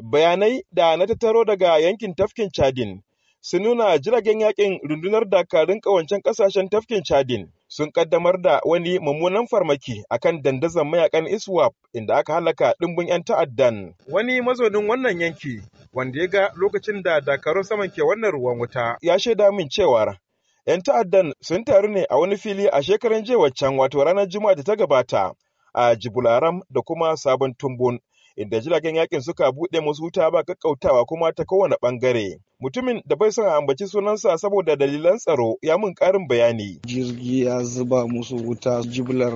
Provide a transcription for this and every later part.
bayanai da na tattaro daga yankin tafkin chadin sun nuna jiragen yakin rundunar dakarun ƙawancen ƙasashen tafkin chadin sun kaddamar da wani mummunan farmaki akan dandazon mayakan iswap inda aka halaka ɗimbin 'yan ta'addan wani mazaunin wannan yanki wanda ya ga lokacin da dakarun saman ke wannan ruwan wuta ya shaida min cewa 'yan ta'addan sun taru ne a wani fili a shekaran jiya waccan wato ranar juma'a da ta gabata a jibularam da kuma sabon tumbun inda jiragen yakin suka buɗe musu wuta ba kakkautawa kuma ta kowane ɓangare. Mutumin da bai son a ambaci sunansa saboda dalilan tsaro ya mun ƙarin bayani. Jirgi ya zuba musu wuta jibilar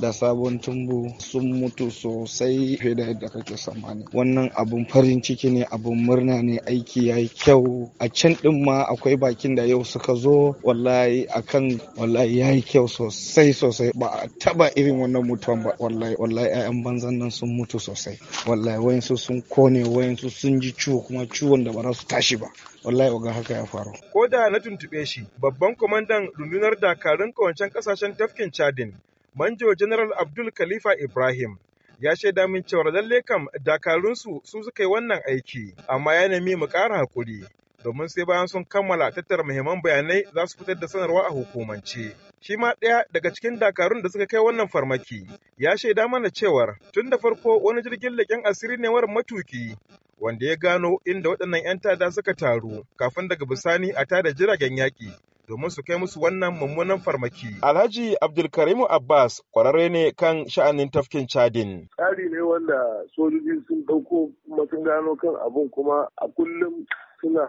da sabon tumbu sun mutu sosai fiye da yadda kake tsammani wannan abun farin ciki ne abun murna ne aiki ya yi kyau a can din ma akwai bakin da yau suka zo wallahi akan wallahi ya yi kyau sosai sosai ba a taba irin wannan mutuwan ba wallahi wallahi 'ya'yan banzan nan sun mutu sosai wallahi wayansu sun kone wayansu sun ji ciwo kuma ciwon da ba za su tashi ba wallahi oga haka ya faru. Ko da na tuntube shi babban kwamandan rundunar dakarun kawancen kasashen tafkin Chadin Manjo General Abdul Khalifa Ibrahim ya shaida min cewar lalle kam dakarunsu su suka yi wannan aiki amma ya nemi mu ƙara hakuri domin sai bayan sun kammala tattara muhimman bayanai za su fitar da sanarwa a hukumance. Shi ma ɗaya daga cikin dakarun da suka kai wannan farmaki ya shaida mana cewar tun da farko wani jirgin leƙen asiri ne mara matuki wanda ya gano inda waɗannan 'yan tada suka taru kafin daga bisani a tada jiragen yaƙi domin su kai musu wannan mummunan farmaki. Alhaji Abdulkarimu Abbas kwararre ne kan sha'anin tafkin Chadin. Tsari ne wanda sojoji sun ɗauko kuma sun gano kan abun kuma a kullum suna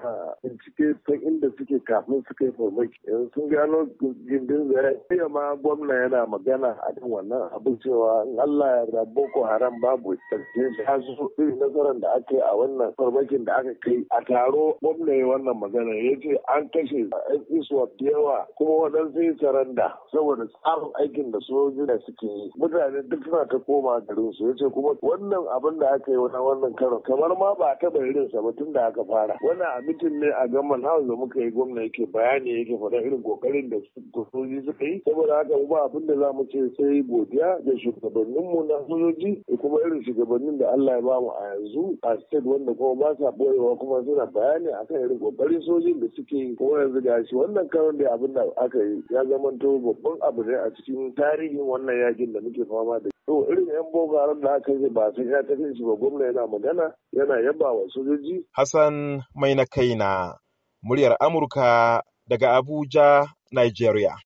bincike ta inda suke kafin su kai farmaki yanzu sun gano gindin zai ya ma gwamna yana magana a cikin wannan abin cewa in Allah ya da Boko Haram babu tarke Ya su irin nazarin da aka a wannan farmakin da aka kai a taro gwamna ya wannan magana ya ce an kashe yan Swap da yawa kuma waɗansu yi saranda saboda tsarin aikin da sojoji da suke yi mutane duk suna ta koma garin su ya ce kuma wannan abin da aka yi wannan karin kamar ma ba a taɓa irinsa ba tun da aka fara magana a mitin ne a gaman house da muka yi gwamna yake bayani yake faɗa irin kokarin da sojoji suka yi saboda haka ba abin da za mu ce sai godiya da shugabanninmu na sojoji da kuma irin shugabannin da Allah ya bamu a yanzu a state wanda kuma ba sa boyewa kuma suna bayani akan irin kokarin sojin da suke yi kuma yanzu ga shi wannan karon da abin da aka yi ya zamanto babban abu ne a cikin tarihin wannan yakin da muke fama da to irin yan bogaran da aka yi ba sun ya tafi shi ba gwamna yana magana yana yaba wa sojoji hassan mai na kaina muryar amurka daga abuja nigeria